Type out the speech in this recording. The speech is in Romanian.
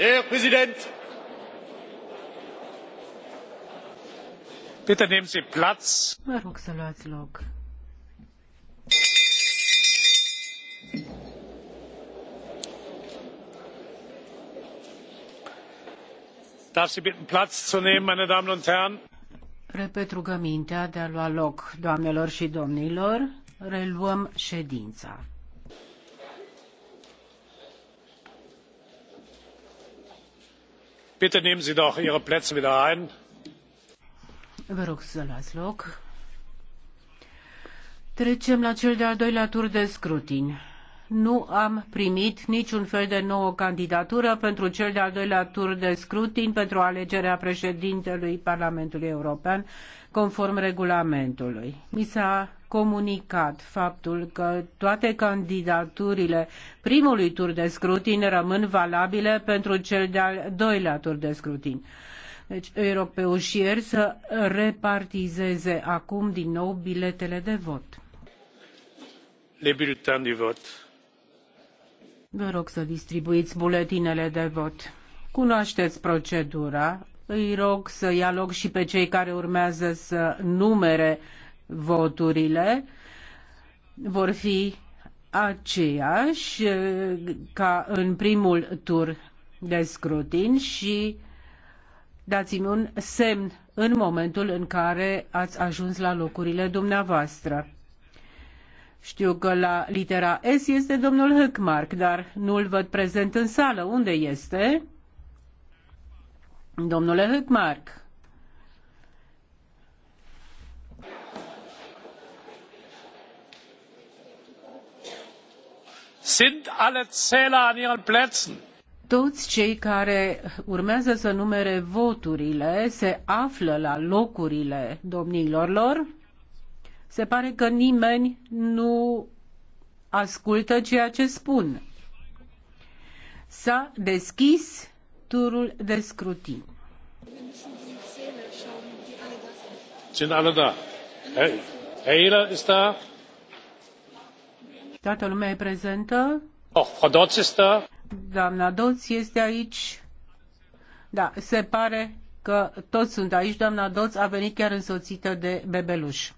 herr präsident! bitte nehmen sie platz. vă rog să luați loc. darf sie bitten platz zu nehmen meine damen und herren? repet rugămintea de a lua loc doamnelor și domnilor reluăm ședința. bitte nehmen sie doch ihre plätze wieder ein. vă rog să luați loc. Trecem la cel de-al doilea tur de scrutin. Nu am primit niciun fel de nouă candidatură pentru cel de-al doilea tur de scrutin pentru alegerea președintelui Parlamentului European, conform regulamentului. Mi s-a comunicat faptul că toate candidaturile primului tur de scrutin rămân valabile pentru cel de-al doilea tur de scrutin. Deci îi rog pe ușier să repartizeze acum din nou biletele de vot. Le bulletin de vot. Vă rog să distribuiți buletinele de vot. Cunoașteți procedura. Îi rog să ia loc și pe cei care urmează să numere voturile vor fi aceiași eh, ca în primul tur de scrutin și dați-mi un semn în momentul în care ați ajuns la locurile dumneavoastră. Știu că la litera S este domnul Hăcmark, dar nu-l văd prezent în sală. Unde este? Domnule Hăcmark. Sunt alle Zähler an ihren Plätzen? Toți cei care urmează să numere voturile se află la locurile domnilor lor. Se pare că nimeni nu ascultă ceea ce spun. S-a deschis turul de scrutin. Sunt alle da? Herr Ehler da? Toată lumea e prezentă. Oh, Frau Dotz este... Doamna Dotz este aici. Da, se pare că toți sunt aici. Doamna Dotz a venit chiar însoțită de bebeluș.